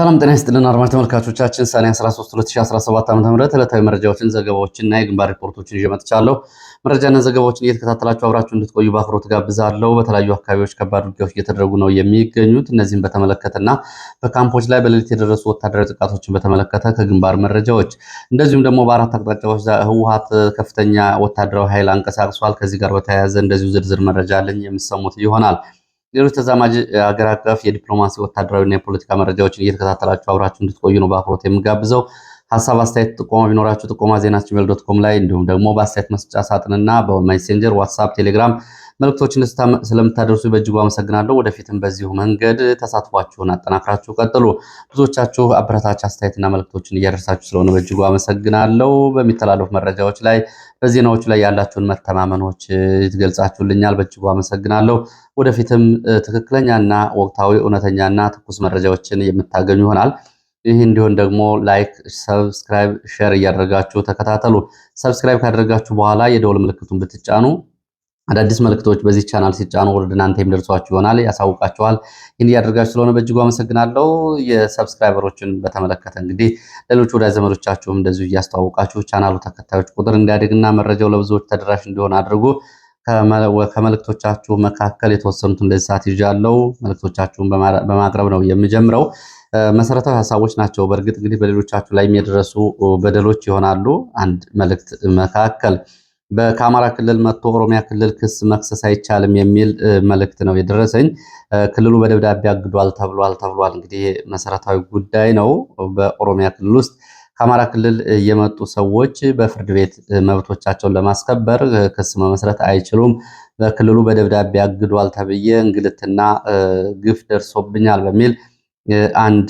ሰላም ጤና ይስጥልን አድማጭ ተመልካቾቻችን ሰኔ 13 2017 ዓ ም ዕለታዊ መረጃዎችን ዘገባዎችን እና የግንባር ሪፖርቶችን ይዤ መጥቻለሁ። መረጃና ዘገባዎችን እየተከታተላችሁ አብራችሁ እንድትቆዩ በአክብሮት ጋብዛለሁ። በተለያዩ አካባቢዎች ከባድ ውጊያዎች እየተደረጉ ነው የሚገኙት። እነዚህም በተመለከተና በካምፖች ላይ በሌሊት የደረሱ ወታደራዊ ጥቃቶችን በተመለከተ ከግንባር መረጃዎች እንደዚሁም ደግሞ በአራት አቅጣጫዎች ህወሓት ከፍተኛ ወታደራዊ ኃይል አንቀሳቅሷል። ከዚህ ጋር በተያያዘ እንደዚሁ ዝርዝር መረጃ አለኝ የምሰሙት ይሆናል። ሌሎች ተዛማጅ አገር አቀፍ የዲፕሎማሲ ወታደራዊና የፖለቲካ መረጃዎችን እየተከታተላችሁ አብራችሁ እንድትቆዩ ነው በአክብሮት የምጋብዘው። ሀሳብ አስተያየት፣ ጥቆማ ቢኖራችሁ ጥቆማ ዜና ጂሜል ዶት ኮም ላይ እንዲሁም ደግሞ በአስተያየት መስጫ ሳጥንና በሜሴንጀር ዋትሳፕ፣ ቴሌግራም መልእክቶችን ስለምታደርሱ በእጅጉ አመሰግናለሁ። ወደፊትም በዚሁ መንገድ ተሳትፏችሁን አጠናክራችሁ ቀጥሉ። ብዙዎቻችሁ አበረታች አስተያየትና መልእክቶችን እያደረሳችሁ ስለሆነ በእጅጉ አመሰግናለሁ። በሚተላለፉ መረጃዎች ላይ በዜናዎቹ ላይ ያላችሁን መተማመኖች ትገልጻችሁልኛል። በእጅጉ አመሰግናለሁ። ወደፊትም ትክክለኛና ወቅታዊ እውነተኛና ትኩስ መረጃዎችን የምታገኙ ይሆናል። ይህ እንዲሆን ደግሞ ላይክ፣ ሰብስክራይብ፣ ሼር እያደረጋችሁ ተከታተሉ። ሰብስክራይብ ካደረጋችሁ በኋላ የደውል ምልክቱን ብትጫኑ አዳዲስ መልክቶች በዚህ ቻናል ሲጫኑ ወደ እናንተ የሚደርሷችሁ ይሆናል፣ ያሳውቃችኋል። ይህን እያደርጋችሁ ስለሆነ በእጅጉ አመሰግናለሁ። የሰብስክራይበሮችን በተመለከተ እንግዲህ ሌሎች ወዳጅ ዘመዶቻችሁም እንደዚሁ እያስተዋወቃችሁ ቻናሉ ተከታዮች ቁጥር እንዲያድግና መረጃው ለብዙዎች ተደራሽ እንዲሆን አድርጉ። ከመልክቶቻችሁ መካከል የተወሰኑት እንደዚህ ሰዓት ይዣለሁ። መልክቶቻችሁን በማቅረብ ነው የምጀምረው። መሰረታዊ ሀሳቦች ናቸው። በእርግጥ እንግዲህ በሌሎቻችሁ ላይ የሚደረሱ በደሎች ይሆናሉ። አንድ መልእክት መካከል ከአማራ ክልል መጥቶ ኦሮሚያ ክልል ክስ መክሰስ አይቻልም የሚል መልእክት ነው የደረሰኝ። ክልሉ በደብዳቤ አግዷል ተብሏል ተብሏል። እንግዲህ መሰረታዊ ጉዳይ ነው። በኦሮሚያ ክልል ውስጥ ከአማራ ክልል የመጡ ሰዎች በፍርድ ቤት መብቶቻቸውን ለማስከበር ክስ መመስረት አይችሉም። በክልሉ በደብዳቤ አግዷል ተብዬ እንግልትና ግፍ ደርሶብኛል በሚል አንድ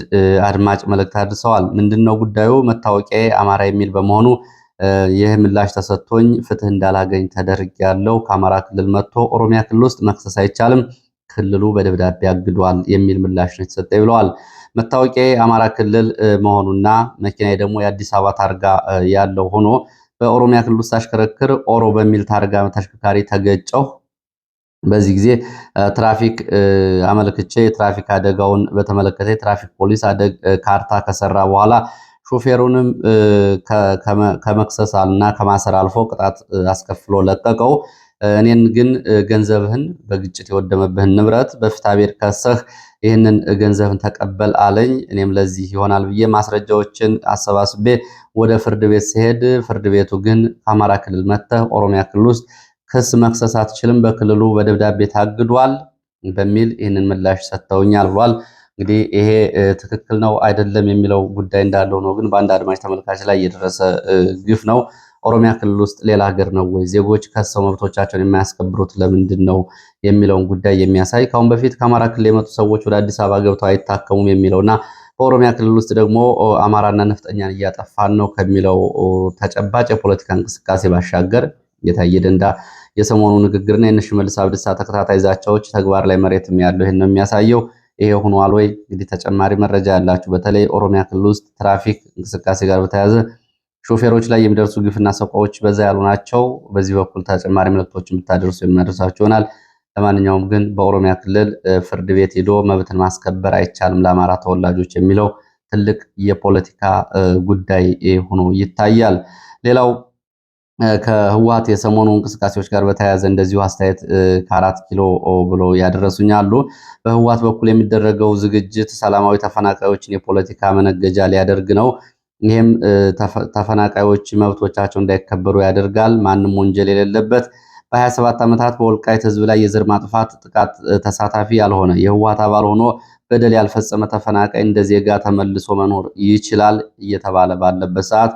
አድማጭ መልእክት አድርሰዋል። ምንድን ነው ጉዳዩ? መታወቂያ አማራ የሚል በመሆኑ ይህ ምላሽ ተሰጥቶኝ ፍትህ እንዳላገኝ ያለው ከአማራ ክልል መጥቶ ኦሮሚያ ክልል ውስጥ መክሰስ አይቻልም፣ ክልሉ በደብዳቤ አግዷል የሚል ምላሽ ነው የተሰጠኝ ብለዋል። መታወቂያ አማራ ክልል መሆኑና መኪናዬ ደግሞ የአዲስ አበባ ታርጋ ያለው ሆኖ በኦሮሚያ ክልል ውስጥ አሽከረክር ኦሮ በሚል ታርጋ ተሽከርካሪ ተገጨሁ። በዚህ ጊዜ ትራፊክ አመልክቼ የትራፊክ አደጋውን በተመለከተ የትራፊክ ፖሊስ ካርታ ከሰራ በኋላ ሾፌሩንም ከመክሰስ እና ከማሰር አልፎ ቅጣት አስከፍሎ ለቀቀው። እኔን ግን ገንዘብህን በግጭት የወደመብህን ንብረት በፍትሐብሔር ከሰህ ይህንን ገንዘብን ተቀበል አለኝ። እኔም ለዚህ ይሆናል ብዬ ማስረጃዎችን አሰባስቤ ወደ ፍርድ ቤት ሲሄድ ፍርድ ቤቱ ግን ከአማራ ክልል መጥተህ ኦሮሚያ ክልል ውስጥ ክስ መክሰስ አትችልም፣ በክልሉ በደብዳቤ ታግዷል በሚል ይህንን ምላሽ ሰጥተውኛል ብሏል። እንግዲህ ይሄ ትክክል ነው አይደለም የሚለው ጉዳይ እንዳለው ነው ግን በአንድ አድማጭ ተመልካች ላይ የደረሰ ግፍ ነው። ኦሮሚያ ክልል ውስጥ ሌላ ሀገር ነው ወይ? ዜጎች ከሰው መብቶቻቸውን የማያስከብሩት ለምንድን ነው የሚለውን ጉዳይ የሚያሳይ ከአሁን በፊት ከአማራ ክልል የመጡ ሰዎች ወደ አዲስ አበባ ገብተው አይታከሙም የሚለውና በኦሮሚያ ክልል ውስጥ ደግሞ አማራና ነፍጠኛን እያጠፋን ነው ከሚለው ተጨባጭ የፖለቲካ እንቅስቃሴ ባሻገር የታየ ደንዳ የሰሞኑ ንግግርና የእነ ሽመልስ አብዲሳ ተከታታይ ዛቻዎች ተግባር ላይ መሬትም ያለው ይህን ነው የሚያሳየው። ይሄ ሆኗል ወይ? እንግዲህ ተጨማሪ መረጃ ያላችሁ በተለይ ኦሮሚያ ክልል ውስጥ ትራፊክ እንቅስቃሴ ጋር በተያያዘ ሾፌሮች ላይ የሚደርሱ ግፍና ሰቆቃዎች በዛ ያሉ ናቸው። በዚህ በኩል ተጨማሪ ምልክቶችን ብታደርሱ የምናደርሳችሁ ይሆናል። ለማንኛውም ግን በኦሮሚያ ክልል ፍርድ ቤት ሄዶ መብትን ማስከበር አይቻልም ለአማራ ተወላጆች የሚለው ትልቅ የፖለቲካ ጉዳይ ሆኖ ይታያል። ሌላው ከህወሓት የሰሞኑ እንቅስቃሴዎች ጋር በተያያዘ እንደዚሁ አስተያየት ከአራት ኪሎ ብሎ ያደረሱኝ አሉ። በህወሓት በኩል የሚደረገው ዝግጅት ሰላማዊ ተፈናቃዮችን የፖለቲካ መነገጃ ሊያደርግ ነው። ይህም ተፈናቃዮች መብቶቻቸው እንዳይከበሩ ያደርጋል። ማንም ወንጀል የሌለበት በ27 ዓመታት በወልቃይት ህዝብ ላይ የዘር ማጥፋት ጥቃት ተሳታፊ ያልሆነ የህወሓት አባል ሆኖ በደል ያልፈጸመ ተፈናቃይ እንደ ዜጋ ተመልሶ መኖር ይችላል እየተባለ ባለበት ሰዓት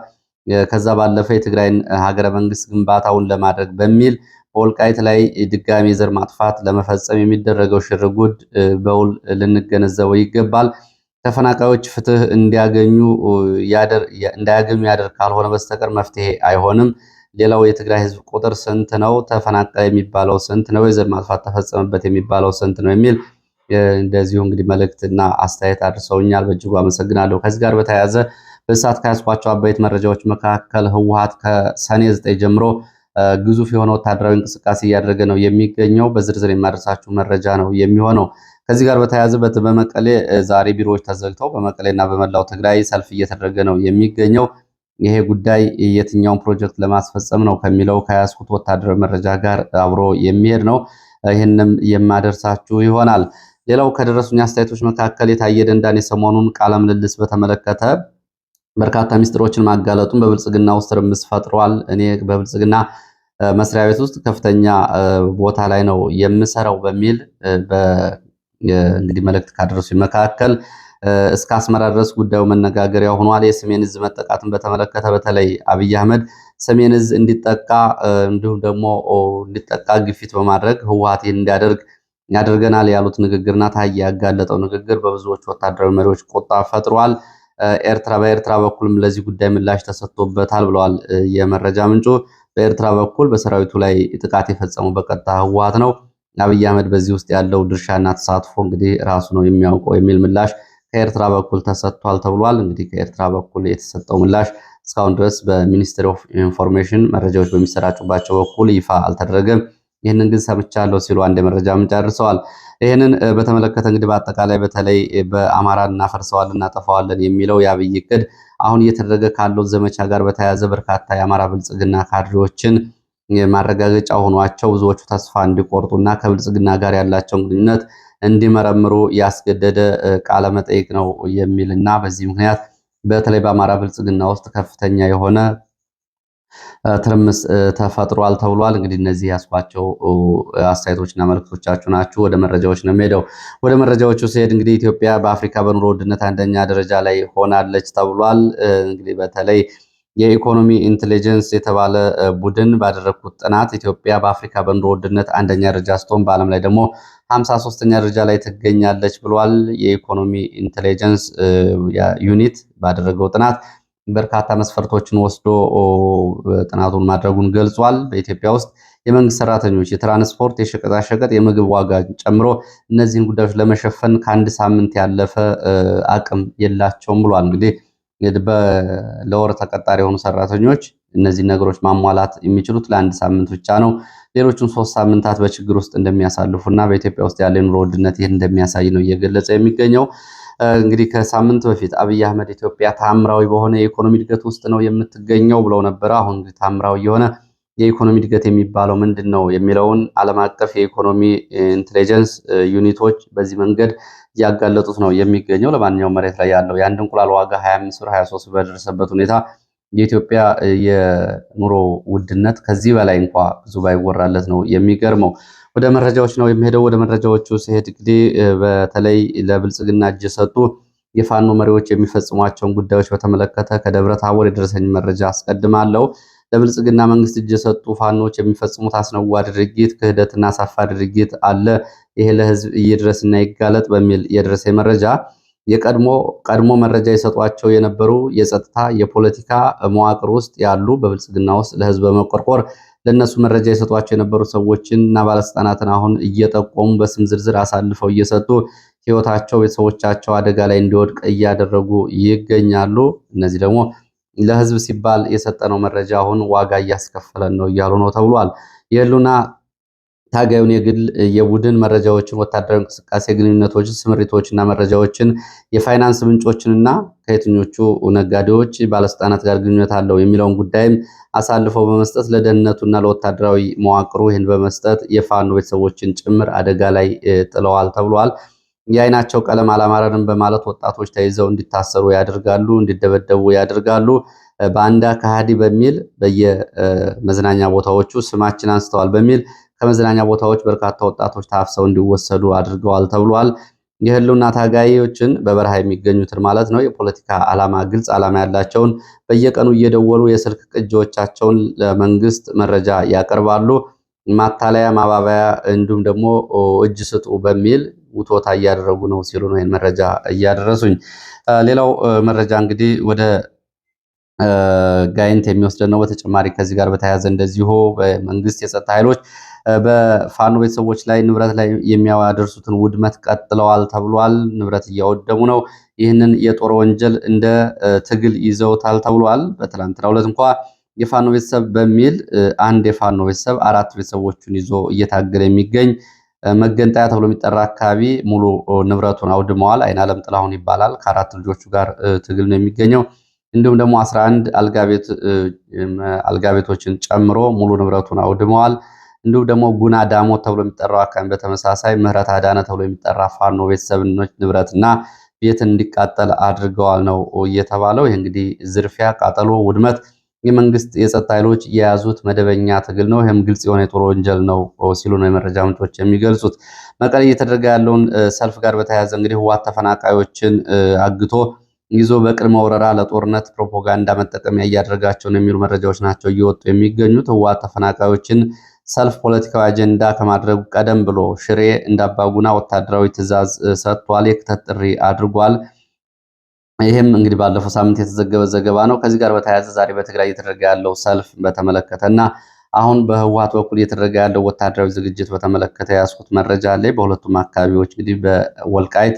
ከዛ ባለፈ የትግራይን ሀገረ መንግስት ግንባታውን ለማድረግ በሚል በወልቃይት ላይ ድጋሚ ዘር ማጥፋት ለመፈጸም የሚደረገው ሽርጉድ በውል ልንገነዘበው ይገባል። ተፈናቃዮች ፍትህ እንዲያገኙ እንዳያገኙ ያደርግ ካልሆነ በስተቀር መፍትሄ አይሆንም። ሌላው የትግራይ ህዝብ ቁጥር ስንት ነው? ተፈናቃይ የሚባለው ስንት ነው? የዘር ማጥፋት ተፈጸመበት የሚባለው ስንት ነው? የሚል እንደዚሁ እንግዲህ መልእክትና አስተያየት አድርሰውኛል። በእጅጉ አመሰግናለሁ። ከዚህ ጋር በተያያዘ በሰዓት ከያዝኳቸው አበይት መረጃዎች መካከል ህውሃት ከሰኔ 9 ጀምሮ ግዙፍ የሆነ ወታደራዊ እንቅስቃሴ እያደረገ ነው የሚገኘው። በዝርዝር የማደርሳችሁ መረጃ ነው የሚሆነው። ከዚህ ጋር በተያያዘ በመቀሌ ዛሬ ቢሮዎች ተዘግተው በመቀሌና በመላው ትግራይ ሰልፍ እየተደረገ ነው የሚገኘው። ይሄ ጉዳይ የትኛውን ፕሮጀክት ለማስፈጸም ነው ከሚለው ከያዝኩት ወታደራዊ መረጃ ጋር አብሮ የሚሄድ ነው። ይህንም የማደርሳችሁ ይሆናል። ሌላው ከደረሱኝ አስተያየቶች መካከል የታየ ደንዳን የሰሞኑን ቃለ ምልልስ በተመለከተ በርካታ ሚስጥሮችን ማጋለጡን በብልጽግና ውስጥ ርምስ ፈጥሯል። እኔ በብልጽግና መስሪያ ቤት ውስጥ ከፍተኛ ቦታ ላይ ነው የምሰራው በሚል እንግዲህ መልእክት ካደረሱ መካከል እስከ አስመራ ድረስ ጉዳዩ መነጋገሪያ ሆኗል። የሰሜን ዕዝ መጠቃትን በተመለከተ በተለይ አብይ አህመድ ሰሜን ዕዝ እንዲጠቃ እንዲሁም ደግሞ እንዲጠቃ ግፊት በማድረግ ህወሓት ይህን እንዲያደርግ ያደርገናል ያሉት ንግግርና ታዬ ያጋለጠው ንግግር በብዙዎች ወታደራዊ መሪዎች ቁጣ ፈጥሯል። ኤርትራ በኤርትራ በኩልም ለዚህ ጉዳይ ምላሽ ተሰጥቶበታል ብለዋል የመረጃ ምንጩ። በኤርትራ በኩል በሰራዊቱ ላይ ጥቃት የፈጸሙ በቀጥታ ህወሓት ነው። አብይ አህመድ በዚህ ውስጥ ያለው ድርሻና ተሳትፎ እንግዲህ ራሱ ነው የሚያውቀው የሚል ምላሽ ከኤርትራ በኩል ተሰጥቷል ተብሏል። እንግዲህ ከኤርትራ በኩል የተሰጠው ምላሽ እስካሁን ድረስ በሚኒስትሪ ኦፍ ኢንፎርሜሽን መረጃዎች በሚሰራጩባቸው በኩል ይፋ አልተደረገም። ይህንን ግን ሰምቻለሁ ሲሉ አንድ የመረጃ ምንጭ አድርሰዋል። ይህንን በተመለከተ እንግዲህ በአጠቃላይ በተለይ በአማራ እናፈርሰዋለን እናጠፋዋለን የሚለው የአብይ እቅድ አሁን እየተደረገ ካለው ዘመቻ ጋር በተያያዘ በርካታ የአማራ ብልጽግና ካድሬዎችን ማረጋገጫ ሆኗቸው ብዙዎቹ ተስፋ እንዲቆርጡና ከብልጽግና ጋር ያላቸውን ግንኙነት እንዲመረምሩ ያስገደደ ቃለ መጠይቅ ነው የሚልና በዚህ ምክንያት በተለይ በአማራ ብልጽግና ውስጥ ከፍተኛ የሆነ ትርምስ ተፈጥሯል ተብሏል። እንግዲህ እነዚህ ያስኳቸው አስተያየቶችና መልክቶቻችሁ ናችሁ። ወደ መረጃዎች ነው የሚሄደው። ወደ መረጃዎቹ ሲሄድ እንግዲህ ኢትዮጵያ በአፍሪካ በኑሮ ውድነት አንደኛ ደረጃ ላይ ሆናለች ተብሏል። እንግዲህ በተለይ የኢኮኖሚ ኢንቴሊጀንስ የተባለ ቡድን ባደረግኩት ጥናት ኢትዮጵያ በአፍሪካ በኑሮ ውድነት አንደኛ ደረጃ ስትሆን በዓለም ላይ ደግሞ ሀምሳ ሶስተኛ ደረጃ ላይ ትገኛለች ብሏል። የኢኮኖሚ ኢንቴሊጀንስ ዩኒት ባደረገው ጥናት በርካታ መስፈርቶችን ወስዶ ጥናቱን ማድረጉን ገልጿል። በኢትዮጵያ ውስጥ የመንግስት ሰራተኞች የትራንስፖርት፣ የሸቀጣሸቀጥ፣ የምግብ ዋጋ ጨምሮ እነዚህን ጉዳዮች ለመሸፈን ከአንድ ሳምንት ያለፈ አቅም የላቸውም ብሏል። እንግዲህ ለወር ተቀጣሪ የሆኑ ሰራተኞች እነዚህ ነገሮች ማሟላት የሚችሉት ለአንድ ሳምንት ብቻ ነው። ሌሎቹን ሶስት ሳምንታት በችግር ውስጥ እንደሚያሳልፉ እና በኢትዮጵያ ውስጥ ያለ የኑሮ ውድነት ይህን እንደሚያሳይ ነው እየገለጸ የሚገኘው። እንግዲህ ከሳምንት በፊት አብይ አህመድ ኢትዮጵያ ታምራዊ በሆነ የኢኮኖሚ እድገት ውስጥ ነው የምትገኘው ብለው ነበረ። አሁን እንግዲህ ታምራዊ የሆነ የኢኮኖሚ እድገት የሚባለው ምንድን ነው የሚለውን ዓለም አቀፍ የኢኮኖሚ ኢንቴሊጀንስ ዩኒቶች በዚህ መንገድ እያጋለጡት ነው የሚገኘው። ለማንኛውም መሬት ላይ ያለው የአንድ እንቁላል ዋጋ 25 ብር 23 በደረሰበት ሁኔታ የኢትዮጵያ የኑሮ ውድነት ከዚህ በላይ እንኳ ብዙ ባይወራለት ነው የሚገርመው። ወደ መረጃዎች ነው የሚሄደው። ወደ መረጃዎቹ ሲሄድ እንግዲህ በተለይ ለብልጽግና እጅ የሰጡ የፋኖ መሪዎች የሚፈጽሟቸውን ጉዳዮች በተመለከተ ከደብረ ታቦር የደረሰኝ መረጃ አስቀድማለሁ። ለብልጽግና መንግስት እጅ የሰጡ ፋኖች የሚፈጽሙት አስነዋሪ ድርጊት፣ ክህደትና ሳፋ ድርጊት አለ። ይሄ ለህዝብ እየደረስና ይጋለጥ በሚል የደረሰ መረጃ ቀድሞ መረጃ የሰጧቸው የነበሩ የጸጥታ የፖለቲካ መዋቅር ውስጥ ያሉ በብልጽግና ውስጥ ለህዝብ በመቆርቆር ለእነሱ መረጃ የሰጧቸው የነበሩ ሰዎችን እና ባለስልጣናትን አሁን እየጠቆሙ በስም ዝርዝር አሳልፈው እየሰጡ ህይወታቸው ቤተሰቦቻቸው አደጋ ላይ እንዲወድቅ እያደረጉ ይገኛሉ። እነዚህ ደግሞ ለህዝብ ሲባል የሰጠነው መረጃ አሁን ዋጋ እያስከፈለን ነው እያሉ ነው ተብሏል። የህሉና ታጋዩን የግል የቡድን መረጃዎችን፣ ወታደራዊ እንቅስቃሴ ግንኙነቶችን፣ ስምሪቶችና መረጃዎችን፣ የፋይናንስ ምንጮችንና ከየትኞቹ ነጋዴዎች፣ ባለስልጣናት ጋር ግንኙነት አለው የሚለውን ጉዳይም አሳልፈው በመስጠት ለደህንነቱና ለወታደራዊ መዋቅሩ ይህን በመስጠት የፋኖ ቤተሰቦችን ጭምር አደጋ ላይ ጥለዋል ተብሏል። የአይናቸው ቀለም አላማረንም በማለት ወጣቶች ተይዘው እንዲታሰሩ ያደርጋሉ፣ እንዲደበደቡ ያደርጋሉ። በአንዳ ከሃዲ በሚል በየመዝናኛ ቦታዎቹ ስማችን አንስተዋል በሚል ከመዝናኛ ቦታዎች በርካታ ወጣቶች ታፍሰው እንዲወሰዱ አድርገዋል ተብሏል። የህልውና ታጋዮችን በበረሃ የሚገኙትን ማለት ነው። የፖለቲካ ዓላማ ግልጽ ዓላማ ያላቸውን በየቀኑ እየደወሉ የስልክ ቅጂዎቻቸውን ለመንግስት መረጃ ያቀርባሉ። ማታለያ፣ ማባበያ እንዲሁም ደግሞ እጅ ስጡ በሚል ውቶታ እያደረጉ ነው ሲሉ ነው ይህን መረጃ እያደረሱኝ። ሌላው መረጃ እንግዲህ ወደ ጋይንት የሚወስደን ነው። በተጨማሪ ከዚህ ጋር በተያያዘ እንደዚሁ በመንግስት የጸጥታ ኃይሎች በፋኖ ቤተሰቦች ላይ ንብረት ላይ የሚያደርሱትን ውድመት ቀጥለዋል ተብሏል። ንብረት እያወደሙ ነው። ይህንን የጦር ወንጀል እንደ ትግል ይዘውታል ተብሏል። በትላንትናው ዕለት እንኳ የፋኖ ቤተሰብ በሚል አንድ የፋኖ ቤተሰብ አራት ቤተሰቦቹን ይዞ እየታገለ የሚገኝ መገንጠያ ተብሎ የሚጠራ አካባቢ ሙሉ ንብረቱን አውድመዋል። አይን አለም ጥላሁን ይባላል። ከአራት ልጆቹ ጋር ትግል ነው የሚገኘው። እንዲሁም ደግሞ አስራ አንድ አልጋ ቤቶችን ጨምሮ ሙሉ ንብረቱን አውድመዋል። እንዲሁም ደግሞ ጉና ዳሞ ተብሎ የሚጠራው አካባቢ በተመሳሳይ ምህረት አዳነ ተብሎ የሚጠራ ፋኖ ቤተሰብኖች ንብረትና ቤትን እንዲቃጠል አድርገዋል ነው እየተባለው። ይህ እንግዲህ ዝርፊያ፣ ቃጠሎ፣ ውድመት የመንግስት የጸጥታ ኃይሎች የያዙት መደበኛ ትግል ነው። ይህም ግልጽ የሆነ የጦር ወንጀል ነው ሲሉ ነው የመረጃ ምንጮች የሚገልጹት። መቀሌ እየተደረገ ያለውን ሰልፍ ጋር በተያያዘ እንግዲህ ህዋት ተፈናቃዮችን አግቶ ይዞ በቅድመ ወረራ ለጦርነት ፕሮፓጋንዳ መጠቀሚያ እያደረጋቸው ነው የሚሉ መረጃዎች ናቸው እየወጡ የሚገኙት ህዋት ተፈናቃዮችን ሰልፍ ፖለቲካዊ አጀንዳ ከማድረጉ ቀደም ብሎ ሽሬ እንዳባጉና ወታደራዊ ትዕዛዝ ሰጥቷል፣ የክተት ጥሪ አድርጓል። ይህም እንግዲህ ባለፈው ሳምንት የተዘገበ ዘገባ ነው። ከዚህ ጋር በተያያዘ ዛሬ በትግራይ እየተደረገ ያለው ሰልፍ በተመለከተ እና አሁን በህወሀት በኩል እየተደረገ ያለው ወታደራዊ ዝግጅት በተመለከተ ያስኩት መረጃ ላይ በሁለቱም አካባቢዎች እንግዲህ በወልቃይት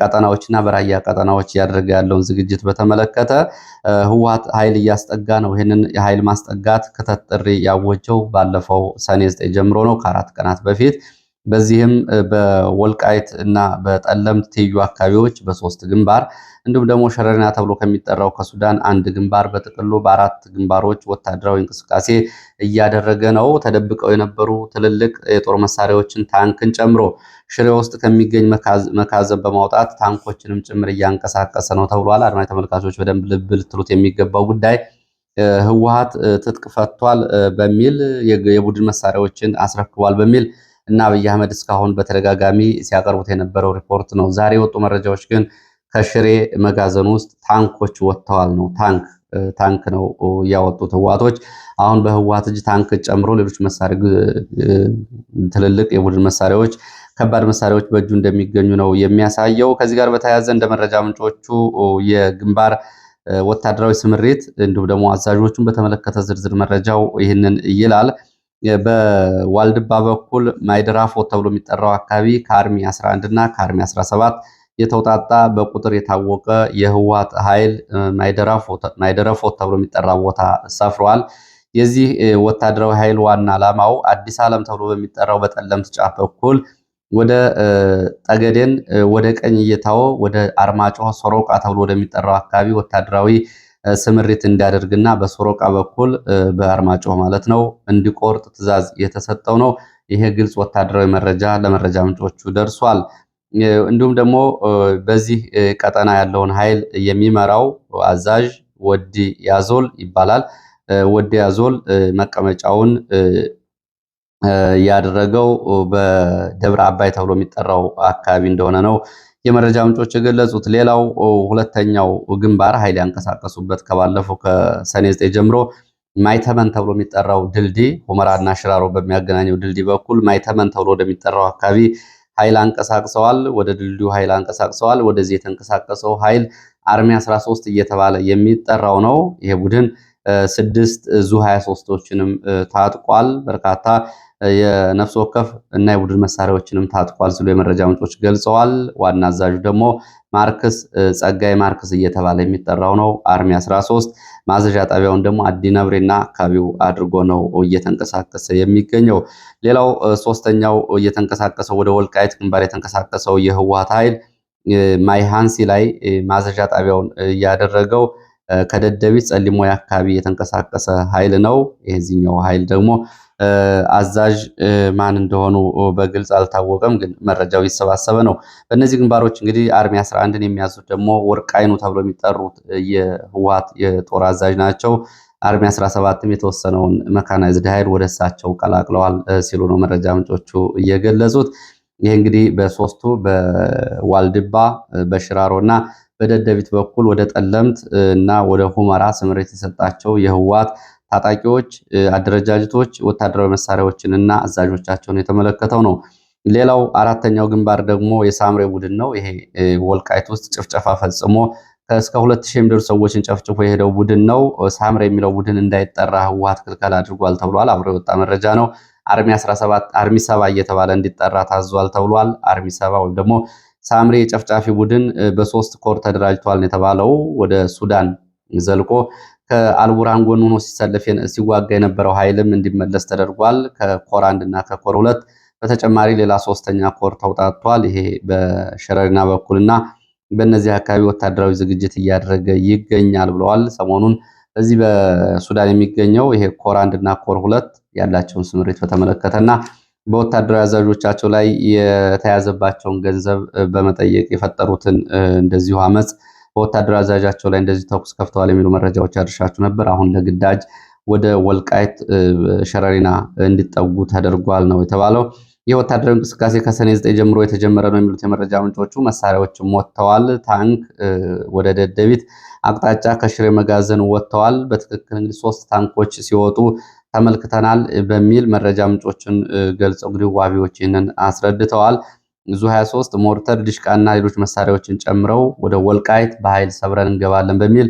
ቀጠናዎችና በራያ ቀጠናዎች እያደረገ ያለውን ዝግጅት በተመለከተ ህወሓት ኃይል እያስጠጋ ነው። ይህንን የኃይል ማስጠጋት ክተት ጥሪ ያወጀው ባለፈው ሰኔ ዘጠኝ ጀምሮ ነው ከአራት ቀናት በፊት በዚህም በወልቃይት እና በጠለምት ትይዩ አካባቢዎች በሶስት ግንባር እንዲሁም ደግሞ ሸረሪና ተብሎ ከሚጠራው ከሱዳን አንድ ግንባር በጥቅሉ በአራት ግንባሮች ወታደራዊ እንቅስቃሴ እያደረገ ነው። ተደብቀው የነበሩ ትልልቅ የጦር መሳሪያዎችን ታንክን ጨምሮ ሽሬ ውስጥ ከሚገኝ መካዘን በማውጣት ታንኮችንም ጭምር እያንቀሳቀሰ ነው ተብሏል። አድማጭ ተመልካቾች በደንብ ልብ ልትሉት የሚገባው ጉዳይ ህወሓት ትጥቅ ፈቷል በሚል የቡድን መሳሪያዎችን አስረክቧል በሚል እና አብይ አህመድ እስካሁን በተደጋጋሚ ሲያቀርቡት የነበረው ሪፖርት ነው። ዛሬ የወጡ መረጃዎች ግን ከሽሬ መጋዘን ውስጥ ታንኮች ወጥተዋል ነው። ታንክ ታንክ ነው ያወጡት ህዋቶች። አሁን በህዋት እጅ ታንክ ጨምሮ ሌሎች መሳሪያ፣ ትልልቅ የቡድን መሳሪያዎች፣ ከባድ መሳሪያዎች በእጁ እንደሚገኙ ነው የሚያሳየው። ከዚህ ጋር በተያያዘ እንደ መረጃ ምንጮቹ የግንባር ወታደራዊ ስምሪት እንዲሁም ደግሞ አዛዦቹን በተመለከተ ዝርዝር መረጃው ይህንን ይላል። በዋልድባ በኩል ማይድራፎ ተብሎ የሚጠራው አካባቢ ከአርሚ 11 እና ከአርሚ 17 የተውጣጣ በቁጥር የታወቀ የህዋት ኃይል ማይደረፎ ተብሎ የሚጠራ ቦታ ሰፍሯል። የዚህ ወታደራዊ ኃይል ዋና ዓላማው አዲስ ዓለም ተብሎ በሚጠራው በጠለምት ጫፍ በኩል ወደ ጠገዴን፣ ወደ ቀኝ እየታወ ወደ አርማጮ፣ ሶሮቃ ተብሎ ወደሚጠራው አካባቢ ወታደራዊ ስምሪት እንዲያደርግና በሶሮቃ በኩል በአርማጭሆ ማለት ነው እንዲቆርጥ ትዕዛዝ የተሰጠው ነው። ይሄ ግልጽ ወታደራዊ መረጃ ለመረጃ ምንጮቹ ደርሷል። እንዲሁም ደግሞ በዚህ ቀጠና ያለውን ኃይል የሚመራው አዛዥ ወዲ ያዞል ይባላል። ወዲ ያዞል መቀመጫውን ያደረገው በደብረ አባይ ተብሎ የሚጠራው አካባቢ እንደሆነ ነው የመረጃ ምንጮች የገለጹት። ሌላው ሁለተኛው ግንባር ኃይል ያንቀሳቀሱበት ከባለፈው ከሰኔ ዘጠኝ ጀምሮ ማይተመን ተብሎ የሚጠራው ድልድይ ሁመራና ሽራሮ በሚያገናኘው ድልድይ በኩል ማይተመን ተብሎ ወደሚጠራው አካባቢ ኃይል አንቀሳቅሰዋል። ወደ ድልድዩ ኃይል አንቀሳቅሰዋል። ወደዚህ የተንቀሳቀሰው ኃይል አርሚ 13 እየተባለ የሚጠራው ነው። ይሄ ቡድን ስድስት ዙ 23ቶችንም ታጥቋል። በርካታ የነፍስ ወከፍ እና የቡድን መሳሪያዎችንም ታጥቋል ሲሉ የመረጃ ምንጮች ገልጸዋል። ዋና አዛዡ ደግሞ ማርክስ ጸጋይ ማርክስ እየተባለ የሚጠራው ነው። አርሚ 13 ማዘዣ ጣቢያውን ደግሞ አዲነብሬና አካባቢው አድርጎ ነው እየተንቀሳቀሰ የሚገኘው። ሌላው ሶስተኛው እየተንቀሳቀሰው ወደ ወልቃይት ግንባር የተንቀሳቀሰው የህወሓት ኃይል ማይሃንሲ ላይ ማዘዣ ጣቢያውን እያደረገው ከደደቢት ጸሊሞ አካባቢ የተንቀሳቀሰ ኃይል ነው። የዚህኛው ኃይል ደግሞ አዛዥ ማን እንደሆኑ በግልጽ አልታወቀም፣ ግን መረጃው ይሰባሰበ ነው። በእነዚህ ግንባሮች እንግዲህ አርሚ 11ን የሚያዙት ደግሞ ወርቃይኑ ተብሎ የሚጠሩት የህወሓት የጦር አዛዥ ናቸው። አርሚ 17ም የተወሰነውን መካናይዝድ ኃይል ወደ እሳቸው ቀላቅለዋል ሲሉ ነው መረጃ ምንጮቹ እየገለጹት። ይህ እንግዲህ በሶስቱ በዋልድባ በሽራሮ እና በደደቢት በኩል ወደ ጠለምት እና ወደ ሁመራ ስምሬት የሰጣቸው የህወሓት ታጣቂዎች አደረጃጀቶች ወታደራዊ መሳሪያዎችን እና አዛዦቻቸውን የተመለከተው ነው። ሌላው አራተኛው ግንባር ደግሞ የሳምሬ ቡድን ነው። ይሄ ወልቃይት ውስጥ ጭፍጨፋ ፈጽሞ እስከ ሁለት ሺህ የሚደርሱ ሰዎችን ጨፍጭፎ የሄደው ቡድን ነው። ሳምሬ የሚለው ቡድን እንዳይጠራ ህወሓት ክልከል አድርጓል ተብሏል። አብሮ የወጣ መረጃ ነው። አርሚ 17 አርሚ ሰባ እየተባለ እንዲጠራ ታዟል ተብሏል። አርሚ ሰባ ወይም ደግሞ ሳምሬ የጨፍጫፊ ቡድን በሶስት ኮር ተደራጅቷል የተባለው ወደ ሱዳን ዘልቆ ከአልቡራን ጎን ሆኖ ሲሰለፍ ሲዋጋ የነበረው ኃይልም እንዲመለስ ተደርጓል። ከኮር አንድ እና ከኮር ሁለት በተጨማሪ ሌላ ሶስተኛ ኮር ተውጣቷል። ይሄ በሸረሪና በኩልና በእነዚህ አካባቢ ወታደራዊ ዝግጅት እያደረገ ይገኛል ብለዋል። ሰሞኑን በዚህ በሱዳን የሚገኘው ይሄ ኮር አንድ እና ኮር ሁለት ያላቸውን ስምሪት በተመለከተና በወታደራዊ አዛዦቻቸው ላይ የተያዘባቸውን ገንዘብ በመጠየቅ የፈጠሩትን እንደዚሁ አመፅ በወታደር አዛዣቸው ላይ እንደዚህ ተኩስ ከፍተዋል የሚሉ መረጃዎች ያደርሻችሁ ነበር። አሁን ለግዳጅ ወደ ወልቃይት ሸረሪና እንዲጠጉ ተደርጓል ነው የተባለው። ይህ ወታደራዊ እንቅስቃሴ ከሰኔ ዘጠኝ ጀምሮ የተጀመረ ነው የሚሉት የመረጃ ምንጮቹ፣ መሳሪያዎችም ወጥተዋል። ታንክ ወደ ደደቢት አቅጣጫ ከሽሬ መጋዘን ወጥተዋል። በትክክል እንግዲህ ሶስት ታንኮች ሲወጡ ተመልክተናል በሚል መረጃ ምንጮችን ገልጸው እንግዲህ ዋቢዎች ይህንን አስረድተዋል። እዙ 23 ሞርተር ድሽቃና ሌሎች መሳሪያዎችን ጨምረው ወደ ወልቃይት በኃይል ሰብረን እንገባለን በሚል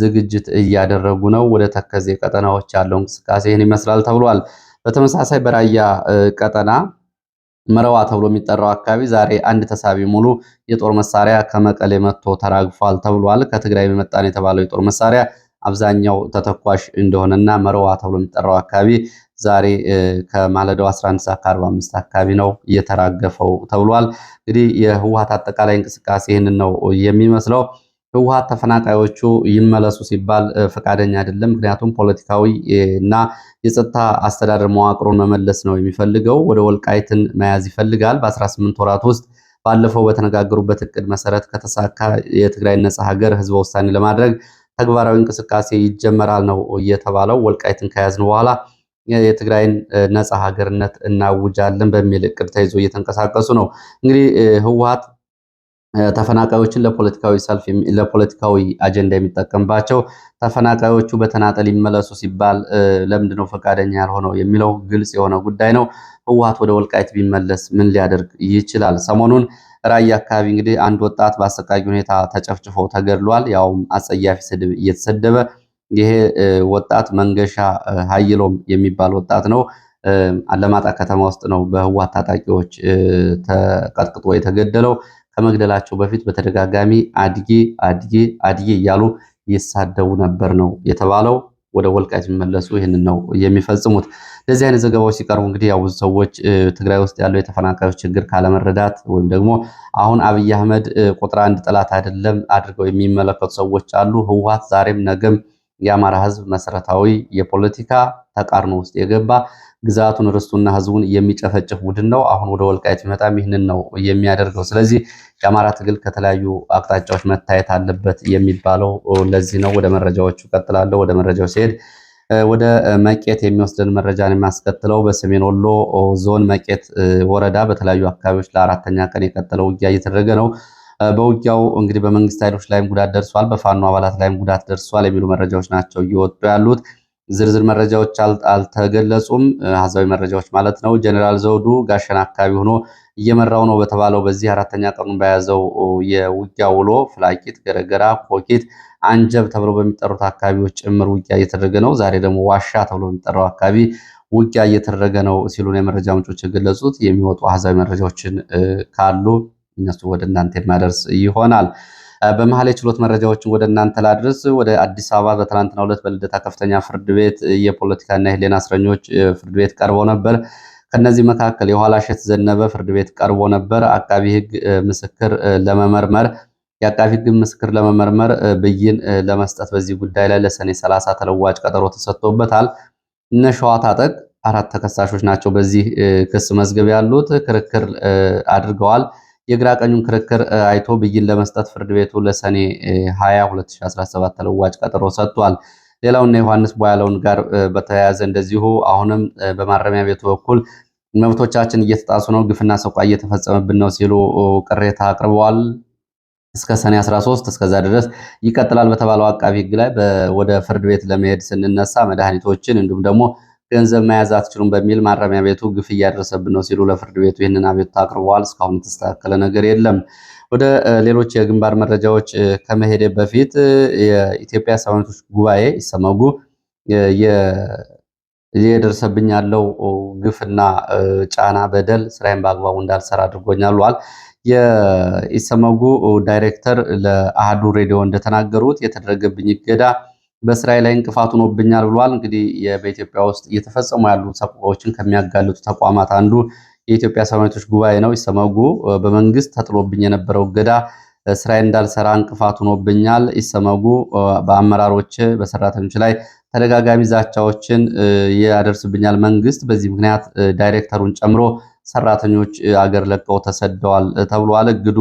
ዝግጅት እያደረጉ ነው። ወደ ተከዜ ቀጠናዎች ያለው እንቅስቃሴ ይህን ይመስላል ተብሏል። በተመሳሳይ በራያ ቀጠና መረዋ ተብሎ የሚጠራው አካባቢ ዛሬ አንድ ተሳቢ ሙሉ የጦር መሳሪያ ከመቀሌ መጥቶ ተራግፏል ተብሏል። ከትግራይ መጣን የተባለው የጦር መሳሪያ አብዛኛው ተተኳሽ እንደሆነና መረዋ ተብሎ የሚጠራው አካባቢ ዛሬ ከማለዳው 11 ሰዓት ከ45 አካባቢ ነው እየተራገፈው ተብሏል። እንግዲህ የህወሀት አጠቃላይ እንቅስቃሴ ይህንን ነው የሚመስለው። ህወሀት ተፈናቃዮቹ ይመለሱ ሲባል ፈቃደኛ አይደለም። ምክንያቱም ፖለቲካዊ እና የጸጥታ አስተዳደር መዋቅሩን መመለስ ነው የሚፈልገው። ወደ ወልቃይትን መያዝ ይፈልጋል። በ18 ወራት ውስጥ ባለፈው በተነጋገሩበት እቅድ መሰረት ከተሳካ የትግራይ ነጻ ሀገር ህዝበ ውሳኔ ለማድረግ ተግባራዊ እንቅስቃሴ ይጀመራል ነው እየተባለው። ወልቃይትን ከያዝን በኋላ የትግራይን ነጻ ሀገርነት እናውጃለን በሚል እቅድ ተይዞ እየተንቀሳቀሱ ነው። እንግዲህ ህወሓት ተፈናቃዮችን ለፖለቲካዊ ሰልፍ ለፖለቲካዊ አጀንዳ የሚጠቀምባቸው ተፈናቃዮቹ በተናጠል ይመለሱ ሲባል ለምንድነው ፈቃደኛ ያልሆነው የሚለው ግልጽ የሆነ ጉዳይ ነው። ህወሓት ወደ ወልቃይት ቢመለስ ምን ሊያደርግ ይችላል? ሰሞኑን ራያ አካባቢ እንግዲህ አንድ ወጣት በአሰቃቂ ሁኔታ ተጨፍጭፎ ተገድሏል። ያውም አጸያፊ ስድብ እየተሰደበ ይሄ ወጣት መንገሻ ሀይሎም የሚባል ወጣት ነው። አለማጣ ከተማ ውስጥ ነው በህዋት ታጣቂዎች ተቀጥቅጦ የተገደለው። ከመግደላቸው በፊት በተደጋጋሚ አድጌ አድጌ አድጌ እያሉ ይሳደቡ ነበር ነው የተባለው። ወደ ወልቃይት የሚመለሱ ይህንን ነው የሚፈጽሙት። እንደዚህ አይነት ዘገባዎች ሲቀርቡ እንግዲህ ያው ብዙ ሰዎች ትግራይ ውስጥ ያለው የተፈናቃዮች ችግር ካለመረዳት ወይም ደግሞ አሁን አብይ አህመድ ቁጥር አንድ ጠላት አይደለም አድርገው የሚመለከቱ ሰዎች አሉ። ህወሓት ዛሬም ነገም የአማራ ህዝብ መሰረታዊ የፖለቲካ ተቃርኖ ውስጥ የገባ ግዛቱን ርስቱና ህዝቡን የሚጨፈጭፍ ቡድን ነው። አሁን ወደ ወልቃይት ቢመጣም ይህንን ነው የሚያደርገው። ስለዚህ የአማራ ትግል ከተለያዩ አቅጣጫዎች መታየት አለበት የሚባለው ለዚህ ነው። ወደ መረጃዎቹ ቀጥላለሁ። ወደ መረጃው ሲሄድ ወደ መቄት የሚወስደን ነው የሚያስከትለው በሰሜን ወሎ ዞን መቄት ወረዳ በተለያዩ አካባቢዎች ለአራተኛ ቀን የቀጠለው ውጊያ እየተደረገ ነው። በውጊያው እንግዲህ በመንግስት ኃይሎች ላይም ጉዳት ደርሷል፣ በፋኖ አባላት ላይም ጉዳት ደርሷል የሚሉ መረጃዎች ናቸው እየወጡ ያሉት። ዝርዝር መረጃዎች አልተገለጹም፣ አሃዛዊ መረጃዎች ማለት ነው። ጀኔራል ዘውዱ ጋሸና አካባቢ ሆኖ እየመራው ነው በተባለው በዚህ አራተኛ ቀኑን በያዘው የውጊያ ውሎ ፍላቂት፣ ገረገራ፣ ኮኬት፣ አንጀብ ተብሎ በሚጠሩት አካባቢዎች ጭምር ውጊያ እየተደረገ ነው። ዛሬ ደግሞ ዋሻ ተብሎ በሚጠራው አካባቢ ውጊያ እየተደረገ ነው ሲሉ የመረጃ ምንጮች የገለጹት። የሚወጡ አሃዛዊ መረጃዎችን ካሉ እነሱ ወደ እናንተ የማደርስ ይሆናል። በመሀል የችሎት መረጃዎችን ወደ እናንተ ላድርስ። ወደ አዲስ አበባ በትናንትናው ዕለት በልደታ ከፍተኛ ፍርድ ቤት የፖለቲካና የሕሊና እስረኞች ፍርድ ቤት ቀርቦ ነበር። ከነዚህ መካከል የኋላሸት ዘነበ ፍርድ ቤት ቀርቦ ነበር። አቃቢ ህግ ምስክር ለመመርመር የአቃቢ ህግ ምስክር ለመመርመር ብይን ለመስጠት በዚህ ጉዳይ ላይ ለሰኔ 30 ተለዋጭ ቀጠሮ ተሰጥቶበታል። እነ ሸዋ ታጠቅ አራት ተከሳሾች ናቸው በዚህ ክስ መዝገብ ያሉት ክርክር አድርገዋል። የግራ ቀኙን ክርክር አይቶ ብይን ለመስጠት ፍርድ ቤቱ ለሰኔ 20 2017 ተለዋጭ ቀጠሮ ሰጥቷል። ሌላውና ዮሐንስ ቦያለውን ጋር በተያያዘ እንደዚሁ አሁንም በማረሚያ ቤቱ በኩል መብቶቻችን እየተጣሱ ነው፣ ግፍና ሰውቃ እየተፈጸመብን ነው ሲሉ ቅሬታ አቅርበዋል። እስከ ሰኔ 13 እስከዛ ድረስ ይቀጥላል በተባለው አቃቢ ህግ ላይ ወደ ፍርድ ቤት ለመሄድ ስንነሳ መድኃኒቶችን እንዲሁም ደግሞ ገንዘብ መያዝ አትችሉም በሚል ማረሚያ ቤቱ ግፍ እያደረሰብን ነው ሲሉ ለፍርድ ቤቱ ይህንን አቤቱታ አቅርበዋል። እስካሁን የተስተካከለ ነገር የለም። ወደ ሌሎች የግንባር መረጃዎች ከመሄደ በፊት የኢትዮጵያ ሰብአዊ ጉባኤ ይሰመጉ የደረሰብኝ ያለው ግፍና ጫና በደል ስራዬን በአግባቡ እንዳልሰራ አድርጎኛል ብሏል። የኢሰመጉ ዳይሬክተር ለአህዱ ሬዲዮ እንደተናገሩት የተደረገብኝ እገዳ በእስራኤል ላይ እንቅፋት ሆኖብኛል ብሏል። እንግዲህ በኢትዮጵያ ውስጥ እየተፈጸሙ ያሉ ሰቆቃዎችን ከሚያጋልጡ ተቋማት አንዱ የኢትዮጵያ ሰብዓዊ ጉባኤ ነው። ይሰመጉ በመንግስት ተጥሎብኝ የነበረው እገዳ ስራዬ እንዳልሰራ እንቅፋት ሆኖብኛል። ይሰመጉ በአመራሮች በሰራተኞች ላይ ተደጋጋሚ ዛቻዎችን ያደርስብኛል። መንግስት በዚህ ምክንያት ዳይሬክተሩን ጨምሮ ሰራተኞች አገር ለቀው ተሰደዋል ተብሏል። እግዱ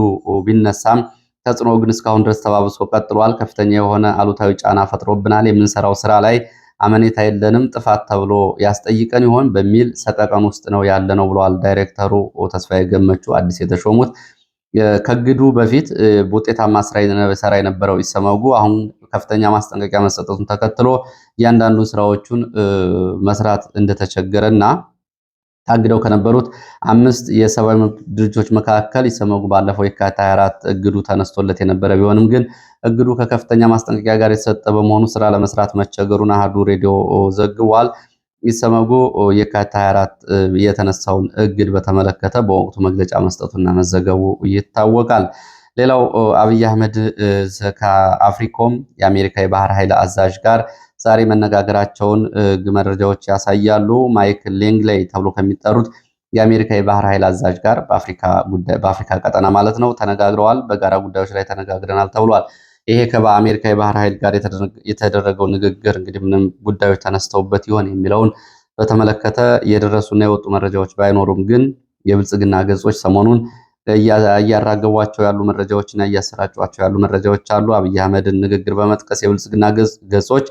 ቢነሳም ተጽዕኖ ግን እስካሁን ድረስ ተባብሶ ቀጥሏል። ከፍተኛ የሆነ አሉታዊ ጫና ፈጥሮብናል። የምንሰራው ስራ ላይ አመኔታ የለንም። ጥፋት ተብሎ ያስጠይቀን ይሆን በሚል ሰቀቀን ውስጥ ነው ያለ ነው ብለዋል ዳይሬክተሩ ተስፋዬ ገመቹ አዲስ የተሾሙት። ከግዱ በፊት ውጤታማ ስራ ሰራ የነበረው ይሰመጉ አሁን ከፍተኛ ማስጠንቀቂያ መሰጠቱን ተከትሎ እያንዳንዱ ስራዎቹን መስራት እንደተቸገረ እና ታግደው ከነበሩት አምስት የሰብአዊ መብት ድርጅቶች መካከል ኢሰመጉ ባለፈው የካቲት 24 እግዱ ተነስቶለት የነበረ ቢሆንም ግን እግዱ ከከፍተኛ ማስጠንቀቂያ ጋር የተሰጠ በመሆኑ ስራ ለመስራት መቸገሩን አህዱ ሬዲዮ ዘግቧል። ኢሰመጉ የካቲት 24 የተነሳውን እግድ በተመለከተ በወቅቱ መግለጫ መስጠቱና መዘገቡ ይታወቃል። ሌላው አብይ አህመድ ከአፍሪኮም የአሜሪካ የባህር ኃይል አዛዥ ጋር ዛሬ መነጋገራቸውን መረጃዎች ያሳያሉ። ማይክ ሌንግሌይ ተብሎ ከሚጠሩት የአሜሪካ የባህር ኃይል አዛዥ ጋር በአፍሪካ ቀጠና ማለት ነው ተነጋግረዋል። በጋራ ጉዳዮች ላይ ተነጋግረናል ተብሏል። ይሄ ከአሜሪካ የባህር ኃይል ጋር የተደረገው ንግግር እንግዲህ ምንም ጉዳዮች ተነስተውበት ይሆን የሚለውን በተመለከተ የደረሱና የወጡ መረጃዎች ባይኖሩም ግን የብልጽግና ገጾች ሰሞኑን እያራገቧቸው ያሉ መረጃዎችና እያሰራጯቸው ያሉ መረጃዎች አሉ። አብይ አህመድን ንግግር በመጥቀስ የብልጽግና ገጾች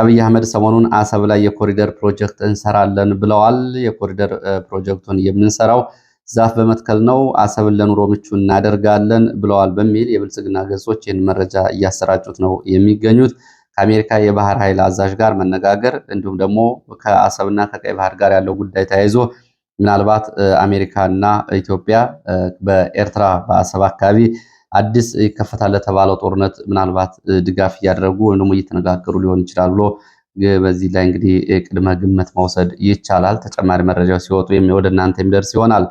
አብይ አህመድ ሰሞኑን አሰብ ላይ የኮሪደር ፕሮጀክት እንሰራለን ብለዋል። የኮሪደር ፕሮጀክቱን የምንሰራው ዛፍ በመትከል ነው፣ አሰብን ለኑሮ ምቹ እናደርጋለን ብለዋል በሚል የብልጽግና ገጾች ይህን መረጃ እያሰራጩት ነው የሚገኙት። ከአሜሪካ የባህር ኃይል አዛዥ ጋር መነጋገር እንዲሁም ደግሞ ከአሰብና ከቀይ ባህር ጋር ያለው ጉዳይ ተያይዞ ምናልባት አሜሪካና ኢትዮጵያ በኤርትራ በአሰብ አካባቢ አዲስ ይከፈታል ለተባለው ጦርነት ምናልባት ድጋፍ እያደረጉ ወይም ደግሞ እየተነጋገሩ ሊሆን ይችላል ብሎ በዚህ ላይ እንግዲህ ቅድመ ግምት መውሰድ ይቻላል። ተጨማሪ መረጃ ሲወጡ ወደ እናንተ የሚደርስ ይሆናል።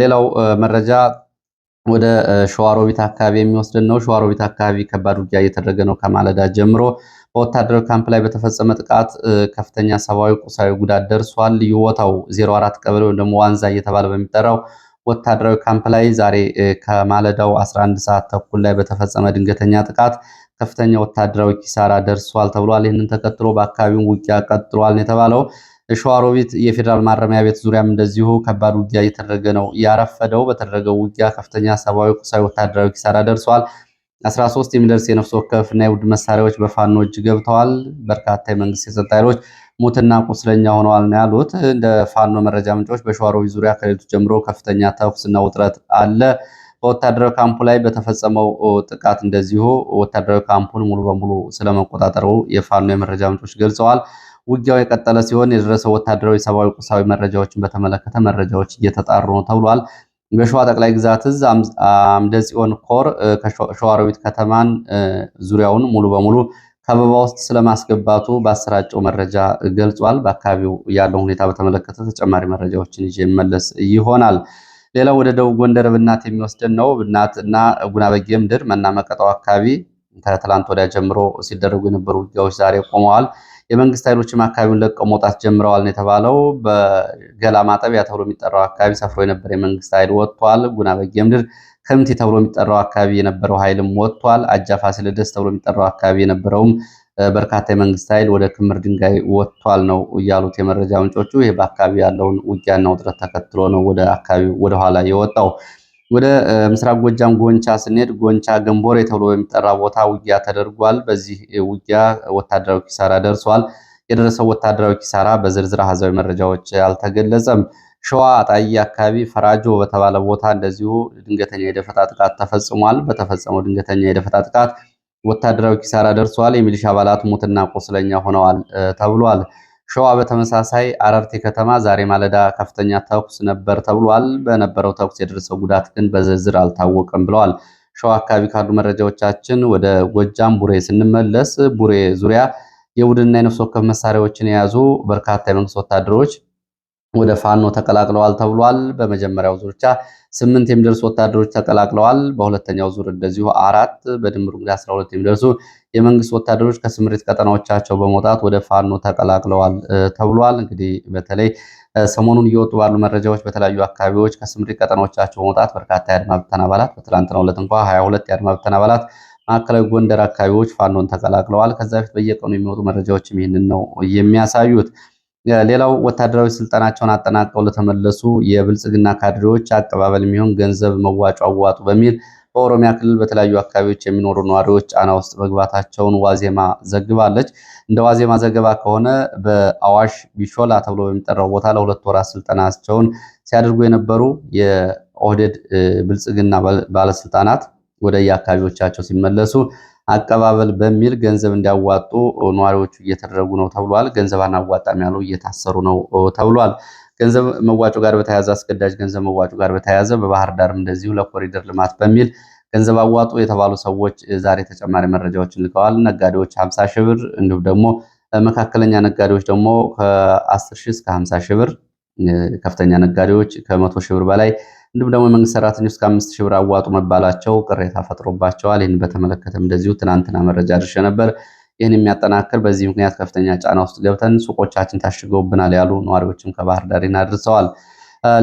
ሌላው መረጃ ወደ ሸዋሮቢት አካባቢ የሚወስድን ነው። ሸዋሮቢት አካባቢ ከባድ ውጊያ እየተደረገ ነው ከማለዳ ጀምሮ። በወታደራዊ ካምፕ ላይ በተፈጸመ ጥቃት ከፍተኛ ሰብአዊ፣ ቁሳዊ ጉዳት ደርሷል። ይወታው ቦታው 04 ቀበሌ ወይም ደግሞ ዋንዛ እየተባለ በሚጠራው ወታደራዊ ካምፕ ላይ ዛሬ ከማለዳው 11 ሰዓት ተኩል ላይ በተፈጸመ ድንገተኛ ጥቃት ከፍተኛ ወታደራዊ ኪሳራ ደርሷል ተብሏል። ይህንን ተከትሎ በአካባቢው ውጊያ ቀጥሏል የተባለው ሸዋሮቢት የፌዴራል ማረሚያ ቤት ዙሪያም እንደዚሁ ከባድ ውጊያ እየተደረገ ነው ያረፈደው። በተደረገው ውጊያ ከፍተኛ ሰብአዊ፣ ቁሳዊ፣ ወታደራዊ ኪሳራ ደርሷል። 13 የሚደርስ የነፍስ እና የውድ መሳሪያዎች በፋኖ እጅ ገብተዋል። በርካታ የመንግስት የጸጥታ ኃይሎች ሙትና ቁስለኛ ሆነዋል ነው ያሉት። እንደ ፋኖ መረጃ ምንጮች በሸዋሮቢት ዙሪያ ከሌሊቱ ጀምሮ ከፍተኛ ተኩስና ውጥረት አለ። በወታደራዊ ካምፑ ላይ በተፈጸመው ጥቃት እንደዚሁ ወታደራዊ ካምፑን ሙሉ በሙሉ ስለመቆጣጠሩ የፋኖ የመረጃ ምንጮች ገልጸዋል። ውጊያው የቀጠለ ሲሆን የደረሰው ወታደራዊ፣ ሰብአዊ፣ ቁሳዊ መረጃዎችን በተመለከተ መረጃዎች እየተጣሩ ነው ተብሏል። በሸዋ ጠቅላይ ግዛት እዝ አምደጽዮን ኮር ከሸዋሮቢት ከተማን ዙሪያውን ሙሉ በሙሉ ከበባ ውስጥ ስለማስገባቱ በአሰራጨው መረጃ ገልጿል። በአካባቢው ያለው ሁኔታ በተመለከተ ተጨማሪ መረጃዎችን ይዤ መለስ ይሆናል። ሌላው ወደ ደቡብ ጎንደር ብናት የሚወስደን ነው። ብናት እና በጌ ምድር መናመቀጠው አካባቢ ከትላንት ወዲያ ጀምሮ ሲደረጉ የነበሩ ውጊያዎች ዛሬ ቆመዋል። የመንግስት ኃይሎችም አካባቢውን ለቀው መውጣት ጀምረዋል ነው የተባለው። በገላ ማጠቢያ ተብሎ የሚጠራው አካባቢ ሰፍሮ የነበረ የመንግስት ኃይል ወጥቷል። ጉናበጌ ምድር ከምቲ ተብሎ የሚጠራው አካባቢ የነበረው ኃይልም ወጥቷል። አጃ ፋሲለደስ ተብሎ የሚጠራው አካባቢ የነበረውም በርካታ የመንግስት ኃይል ወደ ክምር ድንጋይ ወጥቷል ነው እያሉት የመረጃ ምንጮቹ። ይህ በአካባቢ ያለውን ውጊያና ውጥረት ተከትሎ ነው ወደ አካባቢው ወደኋላ የወጣው። ወደ ምስራቅ ጎጃም ጎንቻ ስንሄድ ጎንቻ ገንቦሬ ተብሎ በሚጠራ ቦታ ውጊያ ተደርጓል። በዚህ ውጊያ ወታደራዊ ኪሳራ ደርሷል። የደረሰው ወታደራዊ ኪሳራ በዝርዝር አሃዛዊ መረጃዎች አልተገለጸም። ሸዋ አጣዬ አካባቢ ፈራጆ በተባለ ቦታ እንደዚሁ ድንገተኛ የደፈጣ ጥቃት ተፈጽሟል። በተፈጸመው ድንገተኛ የደፈጣ ጥቃት ወታደራዊ ኪሳራ ደርሷል። የሚሊሻ አባላት ሙትና ቆስለኛ ሆነዋል ተብሏል። ሸዋ በተመሳሳይ አረርቴ ከተማ ዛሬ ማለዳ ከፍተኛ ተኩስ ነበር ተብሏል። በነበረው ተኩስ የደረሰው ጉዳት ግን በዝርዝር አልታወቀም ብለዋል። ሸዋ አካባቢ ካሉ መረጃዎቻችን ወደ ጎጃም ቡሬ ስንመለስ ቡሬ ዙሪያ የቡድንና የነፍስ ወከፍ መሳሪያዎችን የያዙ በርካታ የመንግስት ወታደሮች ወደ ፋኖ ተቀላቅለዋል ተብሏል። በመጀመሪያው ዙር ብቻ ስምንት የሚደርሱ ወታደሮች ተቀላቅለዋል። በሁለተኛው ዙር እንደዚሁ አራት በድምሩ እንግዲህ አስራ ሁለት የሚደርሱ የመንግስት ወታደሮች ከስምሪት ቀጠናዎቻቸው በመውጣት ወደ ፋኖ ተቀላቅለዋል ተብሏል። እንግዲህ በተለይ ሰሞኑን እየወጡ ባሉ መረጃዎች በተለያዩ አካባቢዎች ከስምሪት ቀጠናዎቻቸው በመውጣት በርካታ የአድማ ብተን አባላት በትላንትናው ዕለት እንኳ ሀያ ሁለት የአድማ አባላት ማዕከላዊ ጎንደር አካባቢዎች ፋኖን ተቀላቅለዋል። ከዛ በፊት በየቀኑ የሚወጡ መረጃዎችም ይህንን ነው የሚያሳዩት። ሌላው ወታደራዊ ስልጠናቸውን አጠናቀው ለተመለሱ የብልጽግና ካድሬዎች አቀባበል የሚሆን ገንዘብ መዋጮ አዋጡ በሚል በኦሮሚያ ክልል በተለያዩ አካባቢዎች የሚኖሩ ነዋሪዎች ጫና ውስጥ መግባታቸውን ዋዜማ ዘግባለች። እንደ ዋዜማ ዘገባ ከሆነ በአዋሽ ቢሾላ ተብሎ በሚጠራው ቦታ ለሁለት ወራት ስልጠናቸውን ሲያደርጉ የነበሩ የኦህዴድ ብልጽግና ባለስልጣናት ወደ የአካባቢዎቻቸው ሲመለሱ አቀባበል በሚል ገንዘብ እንዲያዋጡ ነዋሪዎቹ እየተደረጉ ነው ተብሏል። ገንዘብ አናዋጣም ያሉ እየታሰሩ ነው ተብሏል። ገንዘብ መዋጮ ጋር በተያያዘ አስገዳጅ ገንዘብ መዋጮ ጋር በተያያዘ በባህር ዳርም እንደዚሁ ለኮሪደር ልማት በሚል ገንዘብ አዋጡ የተባሉ ሰዎች ዛሬ ተጨማሪ መረጃዎችን ልከዋል። ነጋዴዎች 50 ሺህ ብር እንዲሁም ደግሞ መካከለኛ ነጋዴዎች ደግሞ ከ10 ሺህ እስከ 50 ሺህ ብር፣ ከፍተኛ ነጋዴዎች ከ100 ሺህ ብር በላይ እንዲሁም ደግሞ የመንግስት ሰራተኞች እስከ አምስት ሺህ ብር አዋጡ መባላቸው ቅሬታ ፈጥሮባቸዋል። ይህን በተመለከተም እንደዚሁ ትናንትና መረጃ ድርሼ ነበር። ይህን የሚያጠናክር በዚህ ምክንያት ከፍተኛ ጫና ውስጥ ገብተን ሱቆቻችን ታሽገውብናል ያሉ ነዋሪዎችም ከባህር ዳር አድርሰዋል።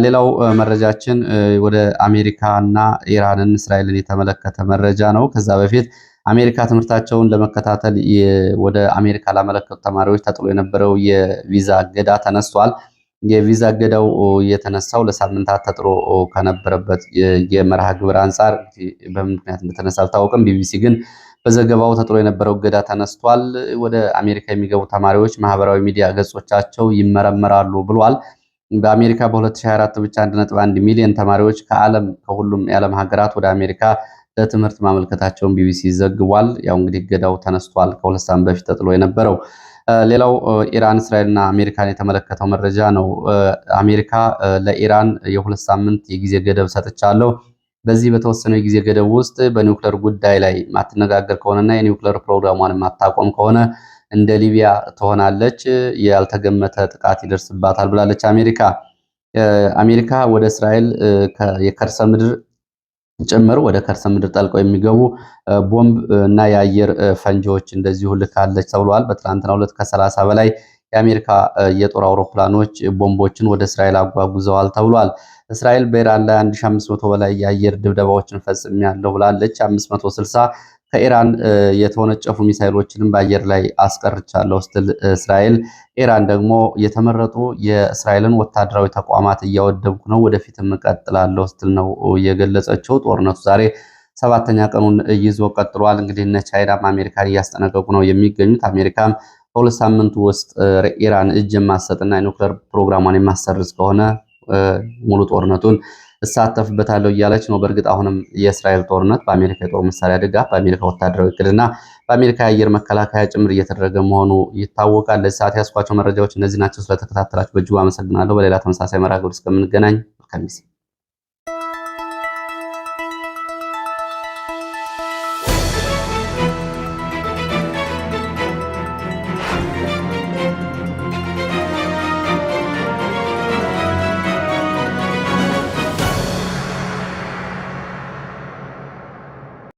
ሌላው መረጃችን ወደ አሜሪካና ኢራንን እስራኤልን የተመለከተ መረጃ ነው። ከዛ በፊት አሜሪካ ትምህርታቸውን ለመከታተል ወደ አሜሪካ ላመለከቱ ተማሪዎች ተጥሎ የነበረው የቪዛ እገዳ ተነስቷል። የቪዛ እገዳው የተነሳው ለሳምንታት ተጥሎ ከነበረበት የመርሃ ግብር አንጻር በምን ምክንያት እንደተነሳ አልታወቅም። ቢቢሲ ግን በዘገባው ተጥሎ የነበረው እገዳ ተነስቷል፣ ወደ አሜሪካ የሚገቡ ተማሪዎች ማህበራዊ ሚዲያ ገጾቻቸው ይመረመራሉ ብሏል። በአሜሪካ በ2024 ብቻ 1.1 ሚሊዮን ተማሪዎች ከዓለም ከሁሉም የዓለም ሀገራት ወደ አሜሪካ ለትምህርት ማመልከታቸውን ቢቢሲ ዘግቧል። ያው እንግዲህ እገዳው ተነስቷል፣ ከሁለት ሳምንት በፊት ተጥሎ የነበረው ሌላው ኢራን እስራኤልና አሜሪካን የተመለከተው መረጃ ነው። አሜሪካ ለኢራን የሁለት ሳምንት የጊዜ ገደብ ሰጥቻለሁ። በዚህ በተወሰነው የጊዜ ገደብ ውስጥ በኒውክለር ጉዳይ ላይ ማትነጋገር ከሆነና የኒውክለር ፕሮግራሟን ማታቆም ከሆነ እንደ ሊቢያ ትሆናለች፣ ያልተገመተ ጥቃት ይደርስባታል ብላለች አሜሪካ። አሜሪካ ወደ እስራኤል የከርሰ ምድር ጭምር ወደ ከርሰ ምድር ጠልቀው የሚገቡ ቦምብ እና የአየር ፈንጂዎች እንደዚሁ ልካለች ተብሏል። በትናንትናው ዕለት ከሰላሳ በላይ የአሜሪካ የጦር አውሮፕላኖች ቦምቦችን ወደ እስራኤል አጓጉዘዋል ተብሏል። እስራኤል በኢራን ላይ 1500 በላይ የአየር ድብደባዎችን ያለው ብላለች። 560 ከኢራን የተወነጨፉ ሚሳይሎችንም በአየር ላይ አስቀርቻለሁ ስትል እስራኤል፣ ኢራን ደግሞ የተመረጡ የእስራኤልን ወታደራዊ ተቋማት እያወደምኩ ነው፣ ወደፊትም እቀጥላለሁ ስትል ነው የገለጸችው። ጦርነቱ ዛሬ ሰባተኛ ቀኑን ይዞ ቀጥሏል። እንግዲህ እነ ቻይናም አሜሪካን እያስጠነቀቁ ነው የሚገኙት። አሜሪካም በሁለት ሳምንት ውስጥ ኢራን እጅ የማሰጥና የኒውክሌር ፕሮግራሟን የማሰርዝ ከሆነ ሙሉ ጦርነቱን እሳተፍበታለሁ እያለች ነው። በእርግጥ አሁንም የእስራኤል ጦርነት በአሜሪካ የጦር መሳሪያ ድጋፍ፣ በአሜሪካ ወታደራዊ እቅድና በአሜሪካ የአየር መከላከያ ጭምር እየተደረገ መሆኑ ይታወቃል። ለዚህ ሰዓት ያስኳቸው መረጃዎች እነዚህ ናቸው። ስለተከታተላችሁ በእጅጉ አመሰግናለሁ። በሌላ ተመሳሳይ መርሃ ግብር እስከምንገናኝ ከሚሴ